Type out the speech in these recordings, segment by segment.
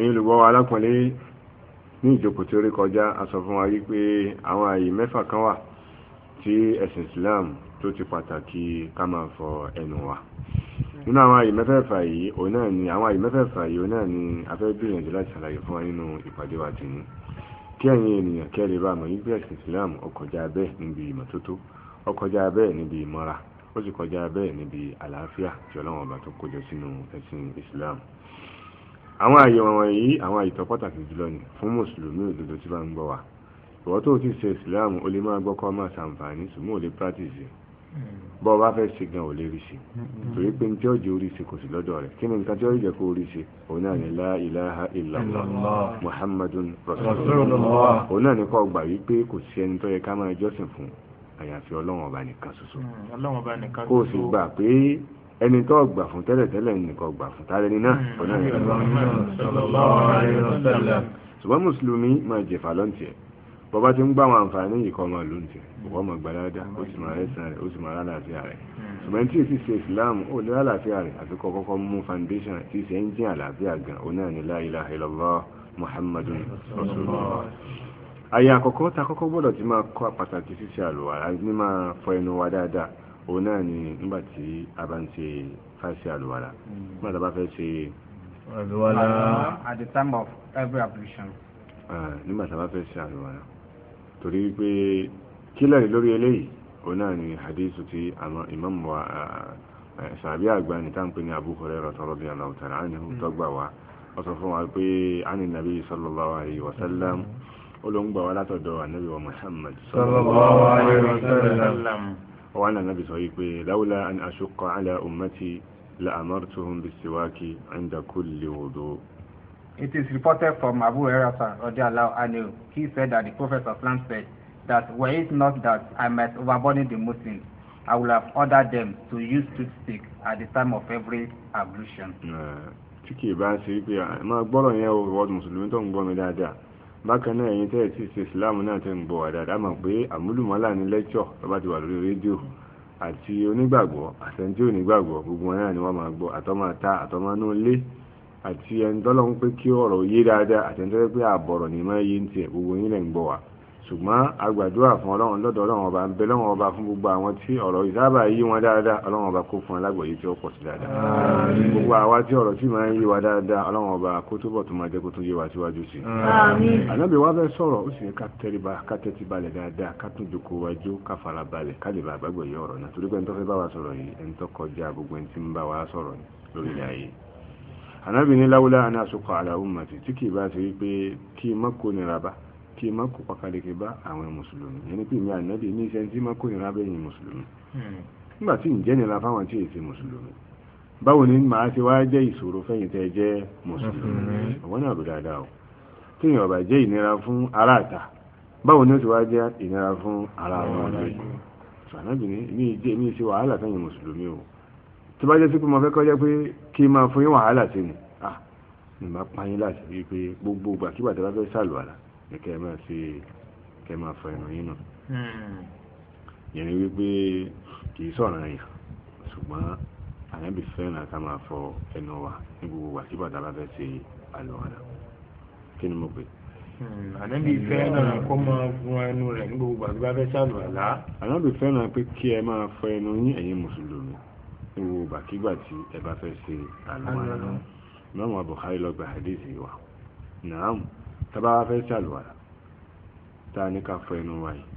ẹ̀yin olùgbọ́ wa alákùnlé ní ìjókòó tí ó rí kọjá a sọ fún wa wípé àwọn ààyè mẹ́fà kan wà tí ẹ̀sìn Islam tó ti pàtàkì ká máa fọ ẹnu wa nínú àwọn àyè mẹ́fẹ̀ẹ̀fà yìí òun náà ni àwọn àyè mẹ́fẹ̀ẹ̀fà yìí òun náà ni a fẹ́ gbìyànjú láti ṣàlàyé fún wa nínú ìpàdé wa ti ní kí ẹ̀yin ènìyàn kẹ́ lè bá mọ̀ wípé ẹ̀sìn Islam ó kọjá bẹ́ẹ̀ níbi ìmọ́tótó ó kọjá bẹ́ẹ̀ níbi ìmọ́ra ó sì kọjá bẹ́ẹ̀ níbi àlàáfíà tí Ọlọ́run ọba tó kójọ sínú ẹ̀sìn Islam àwọn àyẹ̀wò wọ̀nyí àwọn ìtọ́ pàtàkì jùlọ ni fún mùsùlùmí òdodo tí bá ń gbọ́ wa ìwọ tó ti ṣe ìsìláàmù ó lè máa gbọ́ kọ́ máa ṣàǹfààní sùmọ́ ò lè practice hmm. bọ́ bá fẹ́ ṣe gan ò lè rí ṣe hmm. torí pé tí ó jẹ́ orí ṣe kò sí lọ́dọ̀ rẹ̀ kí ni nǹkan tí ó jẹ́ kó orí ṣe òun náà ni la ilaha illallah muhammadun rasulullah òun náà ni kó gbà wípé kò sí ẹni tó hmm, o sì ẹni tó gbà fún tẹ́lẹ̀tẹ́lẹ̀ nìkan gbà fún tálẹ́ni náà hmm. ọ̀nà ìrìnàjò ṣùgbọ́n mùsùlùmí máa jẹ̀fà lọ́ntìẹ̀ bọ́bá ti ń gbà wọn àǹfààní yìí kọ́ máa lóun tiẹ̀ bọ́bá máa gbà dáadáa ó sì máa rẹ́sàn rẹ̀ ó sì máa lálàáfíà rẹ̀ hmm. ṣùgbọ́n tí èsì ṣe Islam ó ní lálàáfíà rẹ̀ àti kọ́kọ́kọ́ mú foundation tí ṣe ń jìn àlàáfíà gan òun náà ní la ilaha illallah Muhammadun Rasulullah. àyè àkọ́kọ́ ta kọ́kọ́ gbọ́dọ̀ ti máa kọ́ pàtàkì ṣíṣe àlùwàlá ní máa fọ ẹnu wa dáadáa òun náà ni nígbà tí a bá ń ṣe fásitì àlùwàlà hmm. nígbà tí a bá fẹ́ ṣe. àlùwàlà at the time of every ablution. nígbà tí a bá fẹ́ ṣe àlùwàlà torí pé kílẹ̀ lórí eléyìí òun náà ni hadithu ti àwọn ìmáàmù wa sàbí àgbà ní táǹpé ní Abu Hurairah radiyallahu ta'ala anhu tọ́gbà wa wọ́n sọ fún wa pé àní nàbí sallallahu alayhi wa sallam olóńgbà wa látọ̀dọ̀ ànábì wa Muhammad sallallahu alayhi wa وعن النبي صلى الله عليه وسلم لولا أن أشق على أمتي لأمرتهم بالسواك عند كل وضوء. It is reported from Abu Hurairah رضي الله عنه He said that the Prophet of Islam said that were it not that I might overburden the Muslims, I would have ordered them to use toothpick at the time of every ablution. Tí kìí bá ṣe wípé máa gbọ́dọ̀ yẹn o, ìwọ́d Mùsùlùmí tó ń gbọ́ mi dáadáa bákan náà ẹ̀yin tẹ́ẹ̀ tí ṣe ìsìláàmù náà tẹ́ ń bọ̀ àdáadáa mọ̀ pé àmúlùmọ́là ní lẹ́kṣọ̀ tó bá ti wà lórí rédíò àti onígbàgbọ́ àtẹ̀ntí onígbàgbọ́ gbogbo wọn náà ni wọ́n máa gbọ́ àtọ́mọ́ ta àtọ́mọ́ inú ilé àti ẹni tọ́lọ́ ń pé kí ọ̀rọ̀ yé dáadáa àtẹ̀ntí pé àbọ̀rọ̀ ni máa yé ń tiẹ̀ gbogbo yín lẹ́ ń gbọ́ wa ṣùgbọ́n agbàdúrà fún ọlọ́run lọ́dọ̀ ọlọ́run ọba ń bẹ lọ́wọ́n ọba fún gbogbo àwọn tí ọ̀rọ̀ ìsábà yí wọn dáadáa ọlọ́run ọba kó fún alágbòye tí ó pọ̀ sí dáadáa gbogbo àwa tí ọ̀rọ̀ tí máa ń yí wa dáadáa ọlọ́run ọba kó túbọ̀ tó máa jẹ́ kó tún yé wa síwájú sí i. ànábì wa fẹ́ sọ̀rọ̀ ó sì ní ká tẹríba ká tẹ́tí balẹ̀ dáadáa ká tún jókòó wájú ká fara balẹ̀ kí n má kó pàkàlẹ̀kẹ̀ bá àwọn mùsùlùmí ẹni pé mi ànábì ní iṣẹ́ tí má kó ìran abẹ́yìn mùsùlùmí hmm. nígbà tí ǹjẹ́ nira fáwọn tí èsì mùsùlùmí báwo ni màá ṣe wá jẹ́ ìṣòro fẹ́yìn tẹ́ jẹ́ mùsùlùmí hmm. ọ̀wọ́n náà ló dáadáa o tí èèyàn bá jẹ́ ìnira fún aráàta báwo ni ó ti wá jẹ́ ìnira fún ara wọn lórí hmm. ànábì mi ṣe wàhálà fẹ́yìn mùsùlùmí o tó bá jẹ́ sí pé mo fẹ́ ah nígbà pààyàn láti rí i pé gbogbo ìgbà ní kẹ́ máa fi kẹ́ máa fọ ẹnu yín nù hmm. yẹn ni wípé kì í sọ̀rọ̀ yẹn ṣùgbọ́n àyàbí fẹ́ràn ká máa fọ ẹnu wa ní gbogbo wa kí bàtà bá fẹ́ ṣe àlùwàlà kí ni mo pè é hmm. ànábì fẹ́ràn kó máa fún ẹnu rẹ̀ ní gbogbo àti bá fẹ́ ṣàlùwàlá. ànábì fẹ́ràn pé kí ẹ máa fọ ẹnu yín ẹ̀yin mùsùlùmí ní gbogbo ìgbàkígbà tí ẹ bá fẹ́ ṣe àlùwàlá. mẹ́wàá Bukhari ló gba hadisi wa tábà wá fẹ́ ṣàlùwàlà tá a ní ká fọ ẹnu wa yìí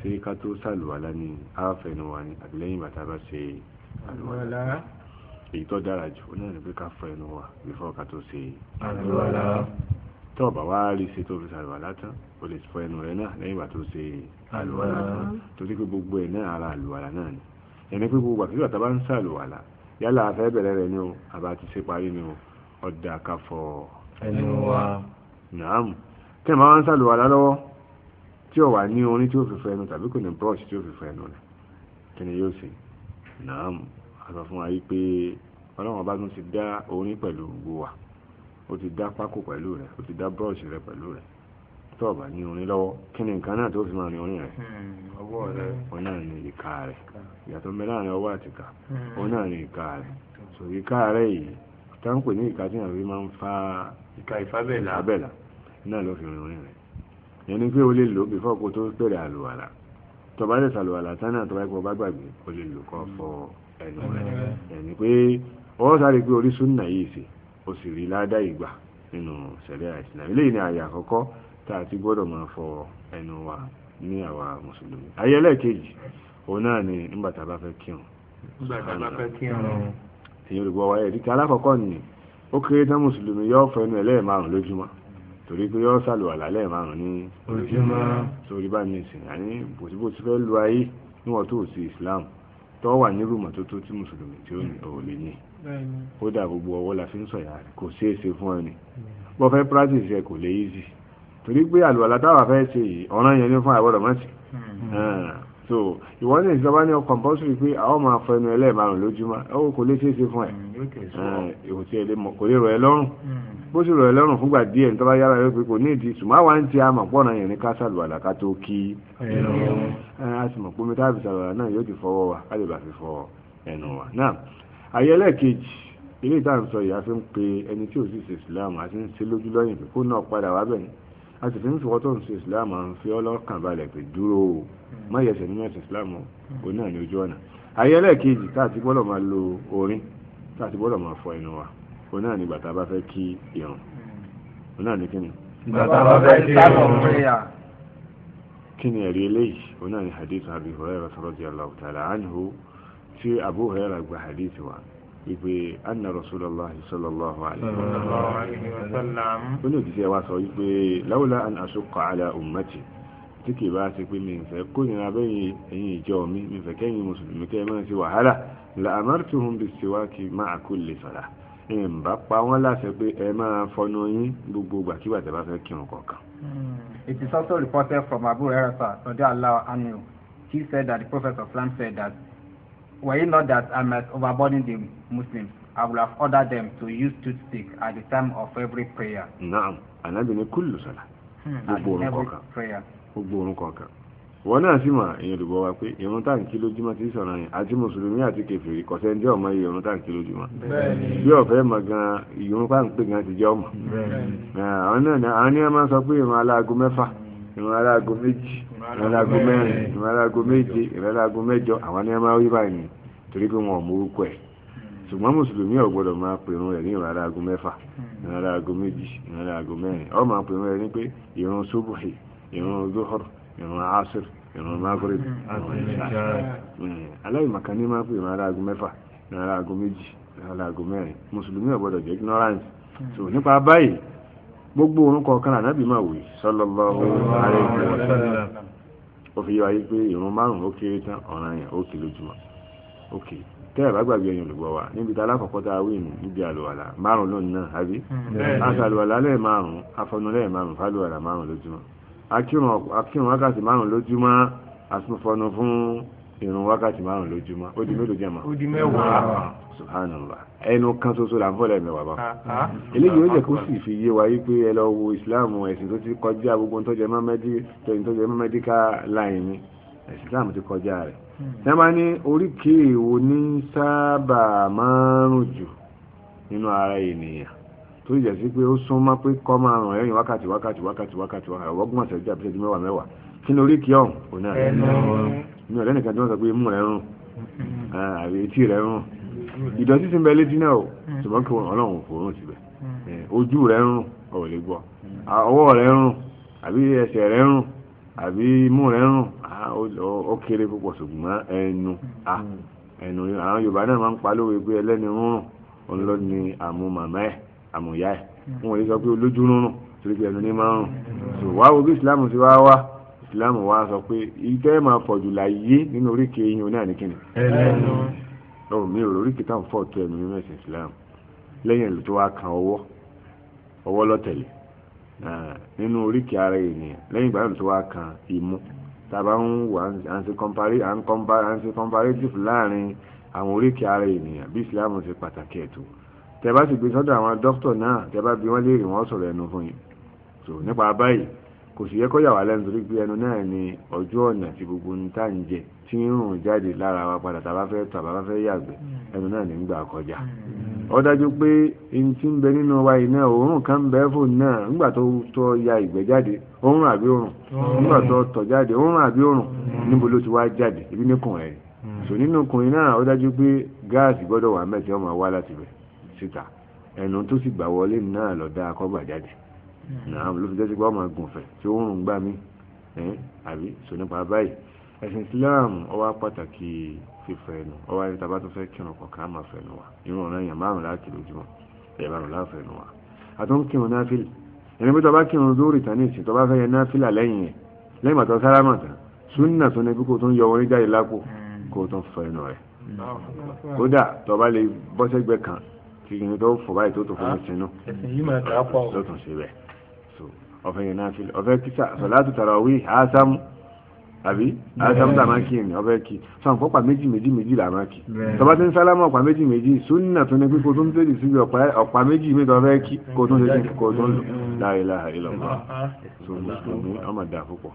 ṣé ká tó ṣàlùwàlà ní àáfẹnu wa ni àbí lẹ́yìn bàtà bá ṣe àlùwàlà èyí tó dára jù ó náà ní ká fọ ẹnu wa bífọ̀ ká tó ṣe àlùwàlà tó bá wá rí ṣe tó fi ṣàlùwàlà tán o lè fọ ẹnu rẹ náà lẹ́yìn bàtà tó ṣe àlùwàlà tán torí pé gbogbo ẹ̀ e náà ara àlùwàlà náà e ni ẹni pé gbogbo àfihàn tàbá ń ṣàlùwàlà yálà afẹ́ bẹ̀rẹ̀ rẹ̀ ni o àbá ti ṣe parí ni o ọ̀dà ká fọ ẹnu wa nàámù tẹ́ máa ń sàlùwàlá lọ́wọ́ tí ó wà ní orin tí ó fi fẹnu tàbí kò ní brush tí ó fi fẹnu rẹ̀ kí ni yóò ṣe nàámù àsọ fún wa yí pé ọlọ́run bá tún ti dá orin pẹ̀lú gbogbo wa ó ti dá pákó pẹ̀lú rẹ̀ ó ti dá brush rẹ̀ pẹ̀lú rẹ̀ tó ọ̀bà ní orin lọ́wọ́ kí ni nǹkan náà tó fi máa ní orin rẹ̀ hmm, ọwọ́ rẹ̀ ó náà ní ìka rẹ̀ ìyàtọ̀ mẹ́ láàrin ọwọ́ àti ìka ó hmm. náà ní ìka rẹ̀ hmm. so ìka rẹ̀ yìí táǹpẹ̀ ní ìka tí àwọn fi máa ń fa ìka ìfábẹ́là náà ló fi rìn orin rẹ̀ yẹn ni pé o lè lò bífọ́ kó tó pèrè àlùwàlà tọba lè sàlùwàlà tán náà tọba ìpò bá gbàgbé o lè lò kọ́ fọ ẹnu rẹ̀ ẹni pé ọwọ́ sáré pé orí súnà yìí sí o sì rí ládá ìgbà nínú sẹ̀rẹ̀ àìsàn eléyìí ni àyà àkọ́kọ́ tá a ti gbọ́dọ̀ máa fọ ẹnu wa ní àwa mùsùlùmí ayé ẹlẹ́ẹ̀kejì òun náà ni nígbà tá a bá fẹ́ kírun èyí olùgbọ́ wa ẹ̀rí kí alákọ̀ọ́kọ́ nìyẹn ó kéré tán mùsùlùmí torí pé yọ́ sàlùwàlá lẹ́ẹ̀márùn ní ojúmọ́ torí bá ní ìsìn àní bòtíbò ti fẹ́ lu ayé níwọ̀n tó sí Islam tó wà nírú mọ́tótó tí mùsùlùmí tí ó lè ní kódà gbogbo ọwọ́ la fi ń sọ̀yà rẹ̀ kò sí èsè fún ẹni bọ́ fẹ́ practice rẹ̀ kò lè easy torí pé àlùwàlá táwa fẹ́ ṣe yìí ọ̀ràn yẹn ní fún àwọ̀rọ̀ mọ́sí so ìwọ ní ìjọba ní ọkọ̀ compulsory pé àwọn máa fọ ẹnu ẹlẹ́ẹ̀márùn lójúmọ́ ó kò lè ṣeéṣe fún ẹ mm, ìwò tí ẹlẹ́mọ kò lè rọ̀ ẹ́ lọ́rùn mm. bó sì rọ̀ ẹ́ lọ́rùn fúngbà díẹ̀ ní tọ́ba yára yóò pé kò ní ìdí sùmọ́ àwọn àǹtí àmọ̀ pọ̀ náà yẹn ní ká sàlùwàlà ká tó kí a sì mọ̀ pé mi táàbì sàlùwàlà náà yóò ti fọwọ́ wa ká lè bá fi fọ ẹnu wa náà àyẹlẹ́ kejì ilé ìtàn sọ ìyá fi ń pe ẹni tí ò sì ṣe ìsìlámù àti ń ṣe lójúlọ́yìn pé kó náà padà wá bẹ́ẹ̀ a sì fi ń sọ̀rọ̀ tó ń ṣe islam ń fi ọlọ́kàn balẹ̀ pé dúró o má yẹsẹ̀ nínú ẹ̀sìn islam o hmm. náà ní ojú ọ̀nà ayé ẹlẹ́ẹ̀kejì tá a ti gbọ́dọ̀ máa lo orin tá a ti gbọ́dọ̀ máa fọ ẹnu wa o náà ní bàtà bá fẹ́ kí irun o hmm. náà ní kíni. bàtà bá fẹ́ kí irun kí ni ẹ̀rí eléyìí o náà ní hadith Abi Hurairah radiyallahu ta'ala anhu tí Abu Hurairah gba hadith wa ìpè anna rasulallah sallallahu alayhi wa sallam ó ní òtítẹ́ wa sọ wípé láwùlá an àṣùkọ àlà ummati tí kì bá ti pé mi ń fẹ́ kó nira bẹ́yìn ẹ̀yìn ìjọ kulli salah ń pa wọ́n láṣẹ pé ẹ máa fọnu yín gbogbo gbàkígbà tẹ́ fẹ́ kírun kọ̀ọ̀kan. Hmm. It is also reported from Abu Hurairah radiyallahu anhu he said that the Prophet of Islam said that Were it not that I might overburden the Muslims, I would have ordered them to use toothpick at the time of every prayer. Naam, Ànábì ní kullu salah. Hmm, Gbogbo orun kọ̀ọ̀kan. Gbogbo orun kọ̀ọ̀kan. Wọ́n náà sì mà èèyàn dùgbọ́ wa pé ìrun táǹkì lójúmọ́ ti sọ̀rọ̀ yẹn àti Mùsùlùmí àti Kèfèrí kọ̀sẹ́ ń jẹ́ ọmọ iye ìrun táǹkì lójúmọ́. Bí ọ̀fẹ́ mọ̀ gan-an ìrun páǹpé gan-an ti jẹ́ ọmọ. Àwọn náà ni a máa sọ pé ìrun aláago mẹ́fà. ìrún aláago méjì ìrún mẹ́rin ìrún méje ìrún mẹ́jọ àwọn máa wí báyìí torí pé wọn ò ẹ̀ ṣùgbọ́n mùsùlùmí ẹ̀ ní mẹ́fà méjì ọ máa pèrún ẹ̀ ní pé ìrún subuhi ìrún zuhur ìrún asir ìrún maghrib ìrún hmm, mẹ́fà méjì mẹ́rin mùsùlùmí jẹ́ ignorance gbogbo orun kọ̀ọ̀kan ànábì máa wí sallallahu alaihi wasallam ó fi yọ ayé pé ìrun márùn-ún ó kéré tán ọ̀ràn yẹn ó kì lójúmọ́ ókè tẹ́ ẹ̀ bá gbàgbé ẹ̀yin olùgbọ́ wa níbi tá alákọ̀ọ́kọ́ tá a wí nù níbi àlùwàlà márùn lónìí náà àbí àtàlùwàlà lẹ́ẹ̀ márùn afọnu lẹ́ẹ̀ márùn fàlùwàlà márùn lójúmọ́ akírun wákàtí márùn lójúmọ́ àtúnfọnu fún ìrun wákàtí márùn lójúmọ́ ó di mélòó jẹmọ́ ó di mẹ́wàá subhanallah ẹnu kan ṣoṣo là ń fọlẹ mẹ́wàá bá eléyìí ó jẹ kó sì fi yé wa wípé ẹ lọ wo ìsìláàmù ẹsìn tó ti kọjá gbogbo ntọjẹ mọ mẹdí tọyìn tọjẹ mọ mẹdíkà láìní ìsìláàmù ti kọjá rẹ̀ ṣé máa ní oríkèé wo ní sábà márùn jù nínú ara ènìyàn tó yẹ sí pé ó súnmọ́ pé kọ́ máa rùn ẹ̀yìn wákàtí wákàtí wákàtí wákàtí wákàtí ọgbọ́n ọ̀sẹ̀ jẹ́ àbíṣẹ́jú mẹ́wàá mẹ́wàá kí ni oríkèé ọ̀hún òun náà mi ò lẹ́nìkan tí wọ́n sọ pé imú rẹ̀ rùn mm-hmm. ah, àbí etí rẹ̀ rùn ìdọ̀tí ti ń bẹ létí náà o mm-hmm. ṣùgbọ́n kí ọlọ́run kò rùn síbẹ̀ mm-hmm. eh, ojú rẹ̀ rùn ọ̀rọ̀ lè gbọ́ ah, ọwọ́ rẹ̀ rùn àbí ẹsẹ̀ rẹ̀ rùn àbí imú rẹ̀ rùn ah, ó kéré púpọ̀ ṣùgbọ́n ẹnu ẹnu àwọn Yorùbá náà máa ń pa lówe pé ẹlẹ́ni rúnrùn ọlọ́ ni àmú màmá ẹ̀ àmú ìyá ẹ̀ wọn ò lè sọ pé olójú rúnrùn torí pé ẹnu ní máa ń rùn ṣùgbọ́n wá wo bí Islam ti wá wá islam wa sọ pé ìtẹ́ máa pọ̀jù láyé nínú oríkèé yín oní àníkìnnì ọ̀rọ̀ mi ò oríkèé táwọn fọ́ tó ẹ̀mí nínú ẹ̀sìn islam lẹ́yìn ìlú tó wá kan ọwọ́ ọwọ́ lọ́tẹ̀lẹ̀ nínú oríkèé ara ènìyàn lẹ́yìn ìgbà tó wá kan imú tàbá ń wà à ń ṣe comparative láàrin àwọn oríkèé ara ènìyàn bí islam ṣe pàtàkì ẹ̀tọ́ tẹ́ bá sì gbé sọ́dọ̀ àwọn dókítà náà tẹ́ bá bí wọ́n léèrè wọ́n sọ̀rọ̀ ẹnu fún yín so nípa báyìí kò sì yẹ kó yà wá lẹ́nu torí pé ẹnu náà ni ojú ọ̀nà tí gbogbo ń tà ń jẹ tí ń rùn jáde lára wa padà tàbá fẹ́ tàbá fẹ́ yàgbẹ́ hmm. ẹnu náà ní gbà kọjá hmm. ó dájú pé n ti ń bẹ nínú wa iná òórùn kan ń bẹ fò náà nígbà tó tọ ya ìgbẹ́ jáde òórùn àbí òórùn nígbà tó tọ̀ jáde òórùn àbí òórùn hmm. níbo ló ti wá jáde ibi níkùn ẹ̀ sò nínú ọkùnrin náà ó dájú pé gáàsì gbọ́dọ̀ wà mẹ́tì ọmọ wa láti bẹ̀ síta ẹnu tó sì gbà wọlé náà lọ́dá akọ́gbà jáde nàám mm. ló fi jẹ́ sípò ọmọ agùnfẹ̀ tí ó rùn gbá mi àbí sọ nípa báyìí ẹ̀sìn Islam ó wà pàtàkì fífẹ́ ẹnu ó wà níta bá tó fẹ́ kírun kọ̀ọ̀kan máa fẹ́ ẹnu wa irun ọ̀nà èèyàn márùn láti lójúmọ́ ẹ̀rọ àrùn láfẹ́ ẹnu wa àtún kírun náfìlì ẹni pé tó bá kírun lórí ìtàní ìsìn tó bá fẹ́ yẹ náfìlà lẹ́yìn ẹ̀ lẹ́yìn bàtọ́ sálámà tán súnà tó ní kó tó ń yọ orin jáde lápò kó tó ń fẹ́ ẹnu rẹ̀ kódà tó bá lè bọ́sẹ̀gbẹ́ kan tí kìnìún tó fò báyìí tó tó fún mi sínú lọ́tún síbẹ̀ أو صلاة تراويح آسم àbí àtàmúdà máa kí ni ọbẹ̀ kí sọ̀n kọ́pà méjì méjì méjì là máa kí tọ́ba tí ń sálámà ọ̀pá méjì méjì súnà tó ní pípo tó ń tẹ̀lé síbi ọ̀pá méjì méjì ọbẹ̀ kí kó tó ń tẹ̀lé kó tó ń lò láàyè láàyè lọ́wọ́ tó ń tó ní ọmọ dà púpọ̀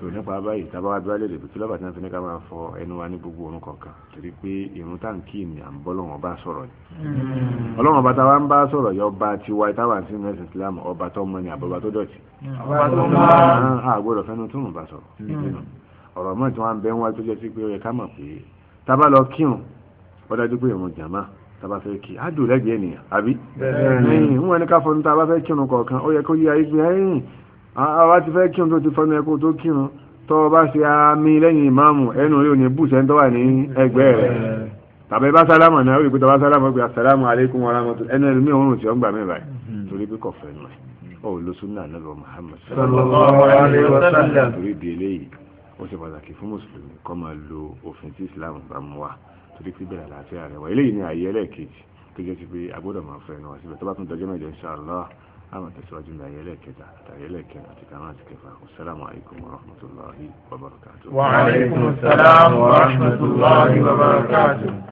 tó nípa báyìí tábà wá dúró lèlè bìtú lọ́bàtí náà fi ní ká máa fọ ẹnu wa ní gbogbo orun kọ̀ọ̀kan torí pé irun tá n kí ni à ń bọ́ lọ́wọ́n bá sọ̀rọ̀ ni hmm. ọlọ́wọ́n bá táwa ń bá sọ̀rọ̀ yọ ọba tiwa táwa sí nẹ́sìn Islam ọba tó mọ ni àbọ̀bá tó dọ̀tí. àgbọ̀dọ̀ fẹ́nu túnú bá sọ̀rọ̀ hmm ọ̀rọ̀ mọ́ tí wọ́n á bẹ́ wọn tó jẹ́ sí pé ó yẹ ká mọ̀ pé tábà lọ kírun ó dájú pé ìrun jàmá tábà fẹ́ kí á dùn lẹ́gbẹ̀ẹ́ ènìyàn àbí. ẹyìn wọn ní ká fọnú tábà fẹ́ kírun kọ̀ọ̀kan ó yẹ kó yí ayé pé ẹyìn àwa ti fẹ́ kírun tó ti fọnú ẹkọ tó kírun tó o bá ṣe àmì lẹ́yìn ìmáàmù ẹnu yóò ní bùsẹ̀ ń tọ́wà ní ẹgbẹ́ rẹ̀ tàbí bá sálámù náà ó rí i pé tọ́ba sálámù ó pe asàlámù aleykum wa rahmatullahi ẹnu ẹlòmíì òórùn tí ó ń gbà mí báyìí mm-hmm. torí pé kọ̀fẹ́ nù ẹ̀ ọ̀ lóṣù náà lọ́lọ́ Muhammad sallallahu alaihi ó ṣe pàtàkì fún mùsùlùmí kó máa lo òfin tí islam bá mú wa torí pé bẹ̀rẹ̀ àlàáfíà rẹ̀ wá eléyìí ni àyè ẹlẹ́ẹ̀kejì tó jẹ́ sí pé agbọ́dọ̀ máa fẹ́ ẹnu wá síbẹ̀ tó bá tún dọjọ́ mẹ́jọ inshallah àwọn tẹ̀síwájú ní ayẹlẹ́ kẹta àtàyẹlẹ́ kẹta àti kàmá àti kẹfà assalamu alaikum wa wa barakatuh. wa alaikum